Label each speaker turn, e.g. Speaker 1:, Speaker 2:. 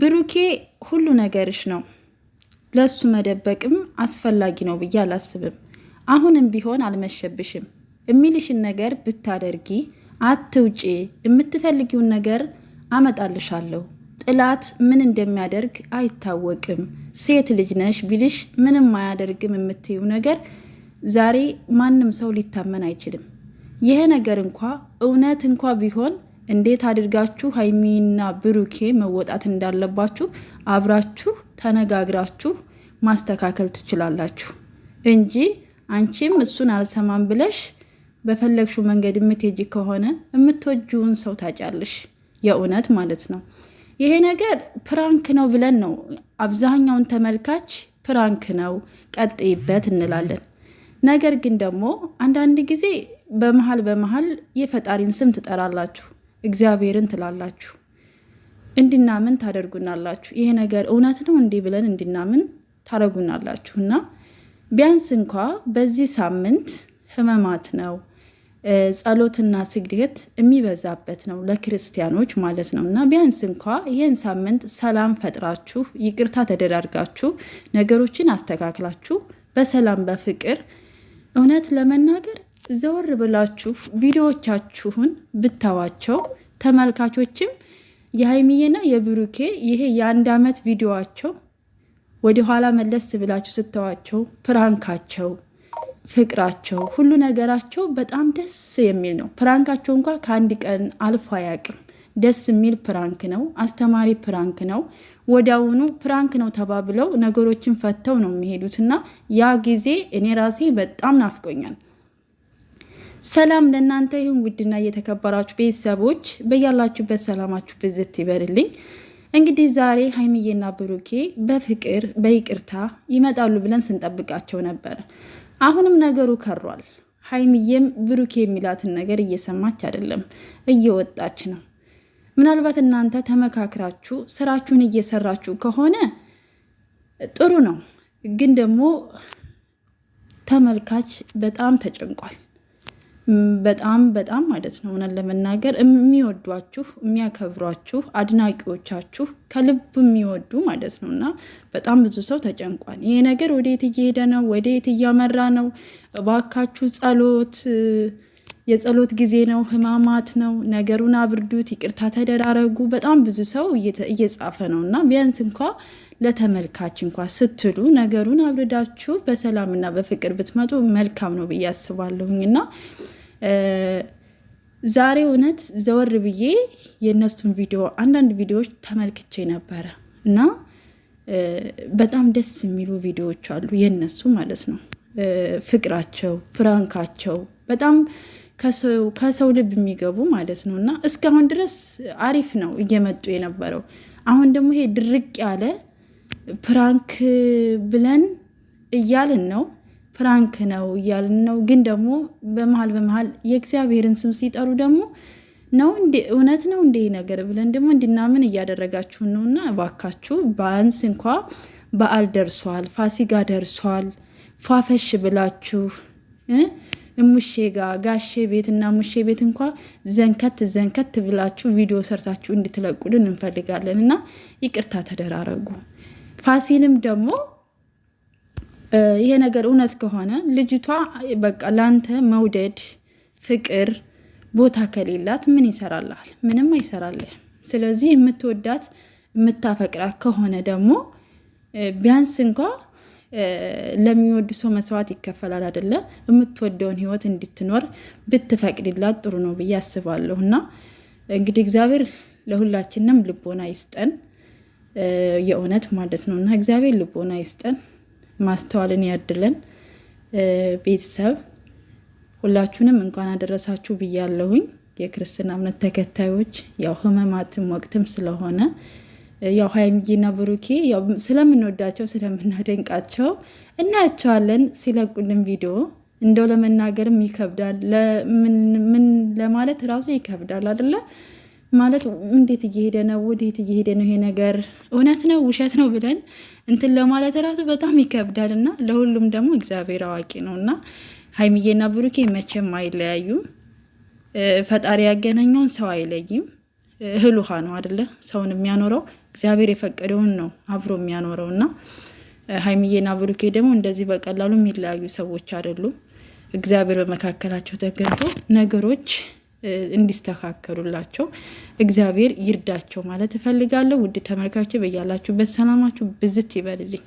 Speaker 1: ብሩኬ ሁሉ ነገርሽ ነው። ለሱ መደበቅም አስፈላጊ ነው ብዬ አላስብም። አሁንም ቢሆን አልመሸብሽም። የሚልሽን ነገር ብታደርጊ አትውጪ። የምትፈልጊውን ነገር አመጣልሻለሁ። ጥላት ምን እንደሚያደርግ አይታወቅም። ሴት ልጅ ነሽ ቢልሽ ምንም አያደርግም የምትይው ነገር ዛሬ ማንም ሰው ሊታመን አይችልም። ይሄ ነገር እንኳ እውነት እንኳ ቢሆን እንዴት አድርጋችሁ ሀይሚና ብሩኬ መወጣት እንዳለባችሁ አብራችሁ ተነጋግራችሁ ማስተካከል ትችላላችሁ እንጂ አንቺም እሱን አልሰማም ብለሽ በፈለግሽው መንገድ የምትሄጂ ከሆነ የምትወጂውን ሰው ታጫለሽ። የእውነት ማለት ነው። ይሄ ነገር ፕራንክ ነው ብለን ነው አብዛኛውን ተመልካች ፕራንክ ነው ቀጥይበት እንላለን። ነገር ግን ደግሞ አንዳንድ ጊዜ በመሀል በመሀል የፈጣሪን ስም ትጠራላችሁ። እግዚአብሔርን ትላላችሁ እንድናምን ታደርጉናላችሁ። ይሄ ነገር እውነት ነው እንዲህ ብለን እንድናምን ታደርጉናላችሁ እና ቢያንስ እንኳ በዚህ ሳምንት ህመማት ነው ጸሎትና ስግደት የሚበዛበት ነው ለክርስቲያኖች ማለት ነው። እና ቢያንስ እንኳ ይህን ሳምንት ሰላም ፈጥራችሁ ይቅርታ ተደራርጋችሁ ነገሮችን አስተካክላችሁ በሰላም በፍቅር እውነት ለመናገር ዘወር ብላችሁ ቪዲዮዎቻችሁን ብታዋቸው ተመልካቾችም የሀይሚዬና የብሩኬ ይሄ የአንድ አመት ቪዲዮዋቸው ወደኋላ መለስ ብላችሁ ስተዋቸው ፕራንካቸው፣ ፍቅራቸው፣ ሁሉ ነገራቸው በጣም ደስ የሚል ነው። ፕራንካቸው እንኳ ከአንድ ቀን አልፎ አያውቅም። ደስ የሚል ፕራንክ ነው። አስተማሪ ፕራንክ ነው። ወዲያውኑ ፕራንክ ነው ተባብለው ነገሮችን ፈተው ነው የሚሄዱት እና ያ ጊዜ እኔ ራሴ በጣም ናፍቆኛል። ሰላም ለእናንተ ይሁን ውድና እየተከበራችሁ ቤተሰቦች በያላችሁበት ሰላማችሁ ብዝት ይበርልኝ። እንግዲህ ዛሬ ሀይሚዬና ብሩኬ በፍቅር በይቅርታ ይመጣሉ ብለን ስንጠብቃቸው ነበረ። አሁንም ነገሩ ከሯል። ሀይሚዬም ብሩኬ የሚላትን ነገር እየሰማች አይደለም፣ እየወጣች ነው። ምናልባት እናንተ ተመካክራችሁ ስራችሁን እየሰራችሁ ከሆነ ጥሩ ነው፣ ግን ደግሞ ተመልካች በጣም ተጨንቋል። በጣም በጣም ማለት ነው ሆነን ለመናገር የሚወዷችሁ የሚያከብሯችሁ አድናቂዎቻችሁ ከልብ የሚወዱ ማለት ነው። እና በጣም ብዙ ሰው ተጨንቋል። ይሄ ነገር ወዴት እየሄደ ነው? ወዴት እያመራ ነው? እባካችሁ ጸሎት የጸሎት ጊዜ ነው። ህማማት ነው። ነገሩን አብርዱት፣ ይቅርታ ተደራረጉ። በጣም ብዙ ሰው እየጻፈ ነው እና ቢያንስ እንኳ ለተመልካች እንኳ ስትሉ ነገሩን አብርዳችሁ በሰላምና በፍቅር ብትመጡ መልካም ነው ብዬ አስባለሁኝ እና ዛሬ እውነት ዘወር ብዬ የእነሱን ቪዲዮ አንዳንድ ቪዲዮዎች ተመልክቼ ነበረ እና በጣም ደስ የሚሉ ቪዲዮዎች አሉ የእነሱ ማለት ነው። ፍቅራቸው፣ ፕራንካቸው በጣም ከሰው ልብ የሚገቡ ማለት ነው እና እስካሁን ድረስ አሪፍ ነው እየመጡ የነበረው። አሁን ደግሞ ይሄ ድርቅ ያለ ፕራንክ ብለን እያልን ነው ፕራንክ ነው እያልን ነው። ግን ደግሞ በመሀል በመሀል የእግዚአብሔርን ስም ሲጠሩ ደግሞ ነው እውነት ነው እንደ ነገር ብለን ደግሞ እንድናምን እያደረጋችሁ ነው። እና እባካችሁ በአንስ እንኳ በዓል ደርሷል፣ ፋሲጋ ደርሷል። ፏፈሽ ብላችሁ እሙሼ ጋ ጋሼ ቤት እና ሙሼ ቤት እንኳ ዘንከት ዘንከት ብላችሁ ቪዲዮ ሰርታችሁ እንድትለቁልን እንፈልጋለን እና ይቅርታ ተደራረጉ። ፋሲልም ደግሞ ይሄ ነገር እውነት ከሆነ ልጅቷ በቃ ለአንተ መውደድ ፍቅር ቦታ ከሌላት ምን ይሰራልሃል? ምንም አይሰራልህ። ስለዚህ የምትወዳት የምታፈቅራት ከሆነ ደግሞ ቢያንስ እንኳ ለሚወድ ሰው መስዋዕት ይከፈላል አይደለ? የምትወደውን ህይወት እንድትኖር ብትፈቅድላት ጥሩ ነው ብዬ አስባለሁ። እና እንግዲህ እግዚአብሔር ለሁላችንም ልቦና ይስጠን የእውነት ማለት ነው። እና እግዚአብሔር ልቦና ይስጠን። ማስተዋልን ያድለን። ቤተሰብ ሁላችሁንም እንኳን አደረሳችሁ ብያለሁኝ። የክርስትና እምነት ተከታዮች ያው ህመማትም ወቅትም ስለሆነ ያው ሀይሚዬና ብሩኬ ስለምንወዳቸው ስለምናደንቃቸው እናያቸዋለን። ሲለቁልን ቪዲዮ እንደው ለመናገርም ይከብዳል፣ ምን ለማለት ራሱ ይከብዳል አይደለም ማለት እንዴት እየሄደ ነው? ወዴት እየሄደ ነው? ይሄ ነገር እውነት ነው ውሸት ነው ብለን እንትን ለማለት ራሱ በጣም ይከብዳል። እና ለሁሉም ደግሞ እግዚአብሔር አዋቂ ነው እና ሀይሚዬና ብሩኬ መቼም አይለያዩም። ፈጣሪ ያገናኘውን ሰው አይለይም። እህል ውሃ ነው አደለ? ሰውን የሚያኖረው እግዚአብሔር የፈቀደውን ነው አብሮ የሚያኖረው እና ሀይሚዬና ብሩኬ ደግሞ እንደዚህ በቀላሉ የሚለያዩ ሰዎች አይደሉም። እግዚአብሔር በመካከላቸው ተገንቶ ነገሮች እንዲስተካከሉላቸው እግዚአብሔር ይርዳቸው ማለት እፈልጋለሁ። ውድ ተመልካቾች በያላችሁበት ሰላማችሁ ብዝት ይበልልኝ።